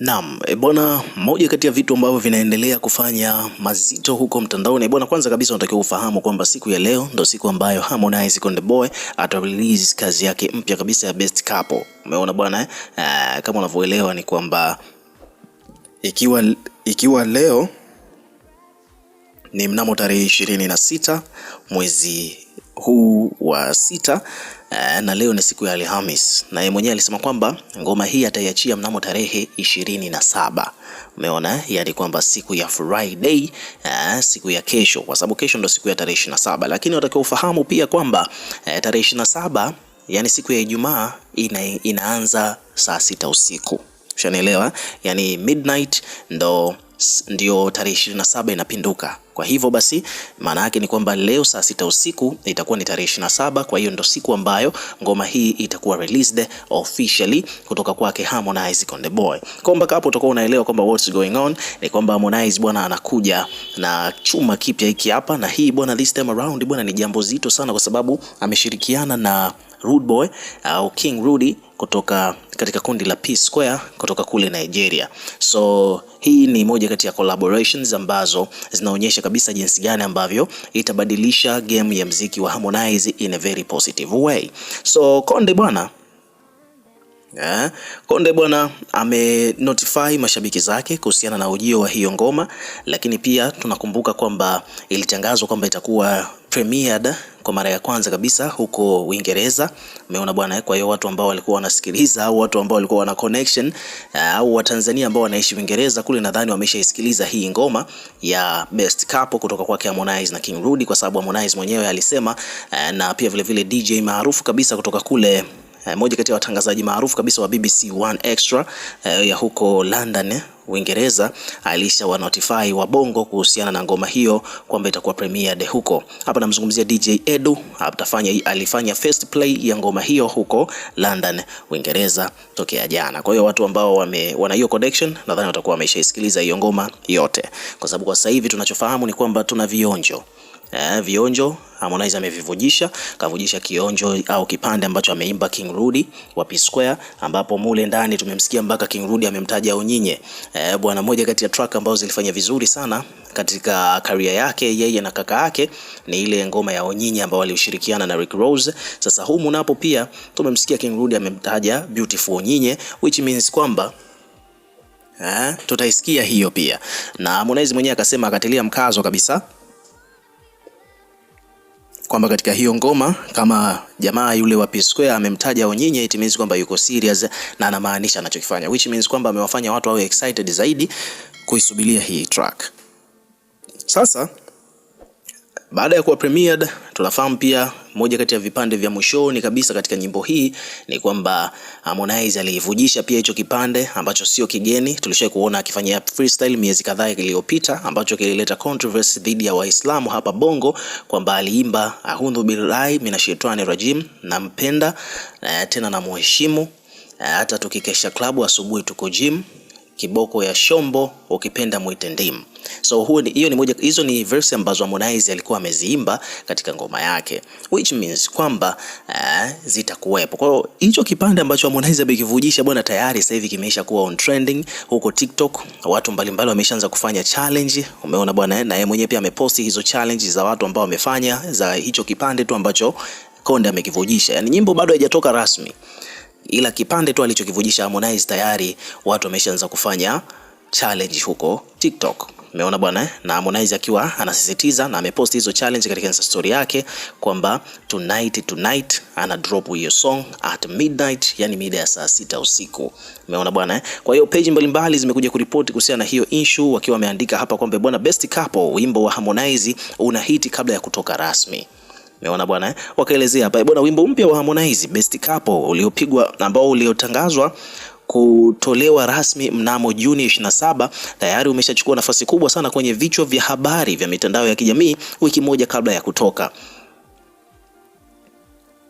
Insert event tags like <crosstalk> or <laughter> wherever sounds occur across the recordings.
Naam, e bwana, moja kati ya vitu ambavyo vinaendelea kufanya mazito huko mtandaoni e bwana, kwanza kabisa unatakiwa ufahamu kwamba siku ya leo ndo siku ambayo Harmonize Konde Boy ata release kazi yake mpya kabisa ya Best Couple. Umeona bwana eh? Aa, eh, kama unavyoelewa ni kwamba ikiwa, ikiwa leo ni mnamo tarehe ishirini na sita mwezi huu wa sita eh, na leo ni siku ya Alhamis, na yeye mwenyewe alisema kwamba ngoma hii ataiachia mnamo tarehe ishirini na saba. Umeona, yani kwamba siku ya Friday, eh, siku ya kesho, kwa sababu kesho ndo siku ya tarehe ishirini na saba. Lakini watakiwa ufahamu pia kwamba eh, tarehe ishirini na saba yani siku ya Ijumaa ina, inaanza saa sita usiku, ushanielewa? Yani midnight ndo ndio tarehe 27 inapinduka. Kwa hivyo basi, maana yake ni kwamba leo saa sita usiku itakuwa ni tarehe 27. Kwa hiyo ndio siku ambayo ngoma hii itakuwa released officially kutoka kwake Harmonize Konde Boy. Kwa mpaka hapo utakuwa unaelewa kwamba what's going on ni kwamba Harmonize bwana anakuja na chuma kipya hiki hapa, na hii bwana, this time around bwana, ni jambo zito sana, kwa sababu ameshirikiana na Rude Boy au King Rudy kutoka katika kundi la P Square kutoka kule Nigeria. So hii ni moja kati ya collaborations ambazo zinaonyesha kabisa jinsi gani ambavyo itabadilisha game ya mziki wa Harmonize in a very positive way. So Konde bwana Yeah. Konde bwana notify mashabiki zake kuhusiana na ujio wa hiyo ngoma, lakini pia tunakumbuka kwamba ilitangazwa kwamba itakuwa premiered kwa mara ya kwanza kabisa huko Uingereza. Umeona bwana. Eh, kwa hiyo watu ambao walikuwa wanasikiliza au watu ambao walikuwa wana connection eh, au Watanzania ambao wanaishi Uingereza kule, nadhani wameshaisikiliza hii ngoma ya Best Couple kutoka kwake Harmonize na King Rudy, kwa sababu Harmonize mwenyewe alisema, eh, na pia vilevile vile DJ maarufu kabisa kutoka kule Eh, moja kati ya watangazaji maarufu kabisa wa BBC One Extra eh, ya huko London Uingereza alisha wa notify wabongo kuhusiana na ngoma hiyo kwamba itakuwa premiered huko. Hapa namzungumzia DJ Edu, atafanya alifanya first play ya ngoma hiyo huko London Uingereza tokea jana. Kwa hiyo watu ambao wame, wana hiyo connection nadhani watakuwa wameshaisikiliza hiyo ngoma yote, kwa sababu kwa sasa hivi tunachofahamu ni kwamba tuna vionjo eh, vionjo Harmonize amevivujisha, kavujisha kionjo au kipande ambacho ameimba King Rudy wa P Square, ambapo mule ndani tumemsikia mpaka King Rudy amemtaja Onyinye. E, bwana, moja kati ya track ambazo zilifanya vizuri sana katika karia yake yeye na kaka yake ni ile ngoma ya Onyinye ambayo walishirikiana na Rick Rose. Sasa humu napo pia tumemsikia King Rudy amemtaja Beautiful Onyinye which means kwamba eh, tutaisikia hiyo pia na Harmonize mwenyewe akasema akatilia mkazo kabisa kwamba katika hiyo ngoma kama jamaa yule wa P Square amemtaja Onyinyi, it means kwamba yuko serious na anamaanisha anachokifanya, which means kwamba amewafanya watu wawe excited zaidi kuisubiria hii track. Sasa baada ya kuwa premiered, tunafahamu pia moja kati ya vipande vya mwishoni kabisa katika nyimbo hii ni kwamba Harmonize alivujisha pia hicho kipande ambacho sio kigeni, tulishawahi kuona akifanyia freestyle miezi kadhaa iliyopita, ambacho kilileta controversy dhidi ya Waislamu hapa Bongo, kwamba aliimba ahudhu billahi minashaitani rajim, nampenda eh, tena na muheshimu eh, hata tukikesha klabu asubuhi tuko gym kiboko ya shombo, ukipenda mwite ndimu. So huo ni hiyo ni moja, hizo ni verse ambazo Harmonize alikuwa ameziimba katika ngoma yake, which means kwamba eh, zitakuwepo. Kwa hiyo hicho kipande ambacho Harmonize amekivujisha bwana, tayari sasa hivi kimeisha kuwa on trending huko TikTok. Watu mbalimbali wameshaanza kufanya challenge, umeona bwana, eh, na yeye mwenyewe pia ameposti hizo challenge za watu ambao wamefanya za hicho kipande tu ambacho Konde amekivujisha. yani nyimbo bado haijatoka rasmi ila kipande tu alichokivujisha Harmonize tayari watu wameshaanza kufanya challenge huko TikTok. Umeona bwana, eh? na Harmonize akiwa anasisitiza na amepost hizo challenge katika Insta story yake kwamba tonight tonight ana drop hiyo song at midnight, yani mida ya saa sita usiku. Umeona bwana, eh? kwa hiyo page mbalimbali zimekuja kuripoti kuhusiana na hiyo issue, wakiwa wameandika hapa kwamba bwana, best couple wimbo wa Harmonize una hiti kabla ya kutoka rasmi. Umeona bwana eh? Wakaelezea hapa eh, bwana, wimbo mpya wa Harmonize Best Couple uliopigwa ambao uliotangazwa kutolewa rasmi mnamo Juni 27 tayari umeshachukua nafasi kubwa sana kwenye vichwa vya habari vya mitandao ya kijamii wiki moja kabla ya kutoka.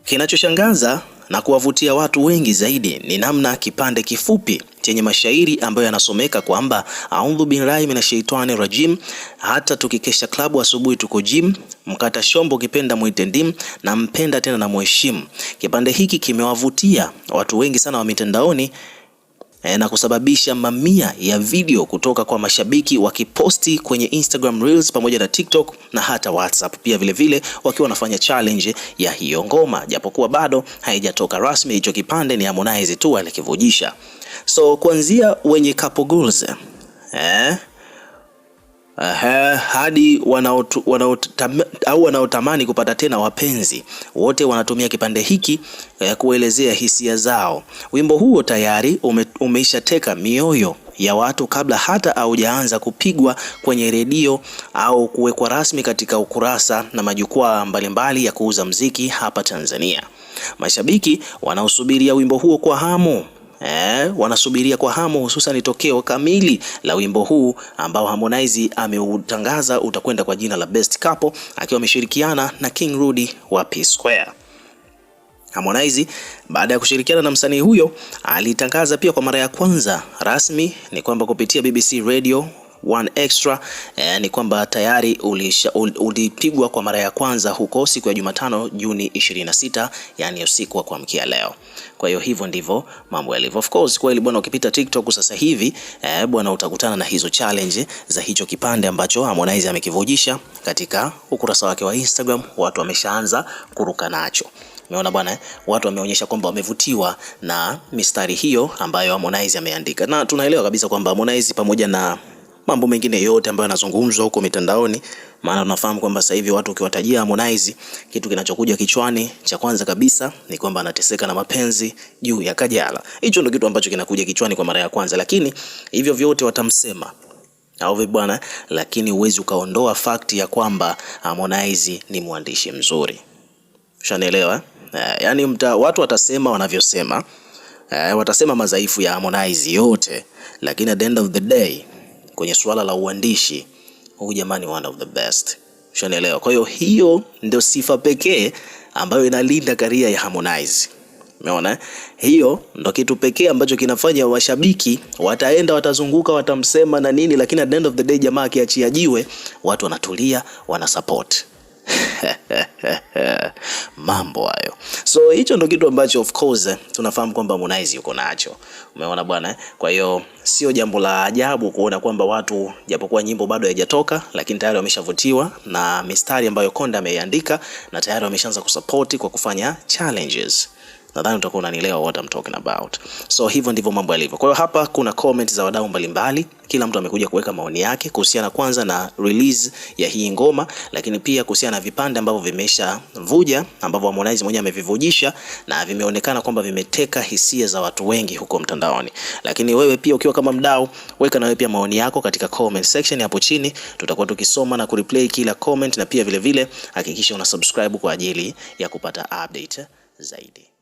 Kinachoshangaza na kuwavutia watu wengi zaidi ni namna kipande kifupi chenye mashairi ambayo yanasomeka kwamba audhu billahi minashaitani rajim, hata tukikesha klabu asubuhi tuko jim, mkata shombo kipenda mwite ndim, na mpenda tena na mheshimu. Kipande hiki kimewavutia watu wengi sana wa mitandaoni Eh, na kusababisha mamia ya video kutoka kwa mashabiki wakiposti kwenye Instagram Reels pamoja na TikTok na hata WhatsApp pia vile vile, wakiwa wanafanya challenge ya hiyo ngoma, japokuwa bado haijatoka rasmi. Hicho kipande ni Harmonize tu alikivujisha. So kuanzia wenye couple goals eh Aha, hadi au wanaotamani kupata tena wapenzi wote wanatumia kipande hiki eh, kuelezea hisia zao. Wimbo huo tayari ume, umeishateka mioyo ya watu kabla hata haujaanza kupigwa kwenye redio au kuwekwa rasmi katika ukurasa na majukwaa mbalimbali ya kuuza mziki hapa Tanzania. Mashabiki wanaosubiria wimbo huo kwa hamu eh, wanasubiria kwa hamu hususan tokeo kamili la wimbo huu ambao Harmonize ameutangaza utakwenda kwa jina la Best Couple akiwa ameshirikiana na King Rudy wa P Square. Harmonize baada ya kushirikiana na msanii huyo alitangaza pia kwa mara ya kwanza rasmi ni kwamba kupitia BBC Radio one extra eh, ni kwamba tayari ulipigwa kwa mara ya kwanza huko siku ya Jumatano Juni 26, yani usiku wa kuamkia leo. Kwa hiyo hivyo ndivyo mambo yalivyo. Of course kweli bwana, ukipita TikTok sasa hivi eh, bwana, utakutana na hizo challenge za hicho kipande ambacho Harmonize amekivujisha katika ukurasa wake wa Instagram, watu wameshaanza kuruka nacho. Umeona bwana, eh? watu wameonyesha kwamba wamevutiwa na mistari hiyo ambayo Harmonize ameandika, na tunaelewa kabisa kwamba Harmonize pamoja na mambo mengine yote ambayo yanazungumzwa huko mitandaoni. Maana unafahamu kwamba sasa hivi watu ukiwatajia Harmonize, kitu kinachokuja kichwani cha kwanza kabisa ni kwamba anateseka na mapenzi juu ya Kajala. Hicho ndio kitu ambacho kinakuja kichwani kwa mara ya kwanza, lakini hivyo vyote watamsema au vipi bwana, lakini huwezi ukaondoa fact ya kwamba Harmonize ni mwandishi mzuri. Ushanielewa? Eh, yani mta, watu watasema wanavyosema, eh, watasema madhaifu ya Harmonize yote, lakini at the end of the day kwenye suala la uandishi, huyu jamani one of the best. Ushanielewa? Kwa hiyo hiyo ndio sifa pekee ambayo inalinda karia ya Harmonize. Umeona? Hiyo ndo kitu pekee ambacho kinafanya washabiki wataenda, watazunguka, watamsema na nini, lakini at the end of the day jamaa akiachia jiwe, watu wanatulia, wanasupport. <laughs> mambo hayo. So hicho ndo kitu ambacho of course tunafahamu kwamba Harmonize yuko nacho, umeona bwana. Eh? Kwa hiyo sio jambo la ajabu kuona kwamba watu, japokuwa nyimbo bado haijatoka, lakini tayari wameshavutiwa na mistari ambayo Konda ameiandika na tayari wameshaanza kusupport kwa kufanya challenges. Nadhani utakuwa unanielewa what I'm talking about. So hivyo ndivyo mambo yalivyo. Kwa hiyo hapa kuna comment za wadau mbalimbali, kila mtu amekuja kuweka maoni yake kuhusiana kwanza na release ya hii ngoma, lakini pia kuhusiana na vipande ambavyo vimeshavuja ambavyo Harmonize mwenyewe amevivujisha na vimeonekana kwamba vimeteka hisia za watu wengi huko mtandaoni. Lakini wewe pia ukiwa kama mdau, weka na wewe pia maoni yako katika comment section hapo chini, tutakuwa tukisoma na kureplay kila comment, na pia vile vile hakikisha una subscribe kwa ajili ya kupata update zaidi.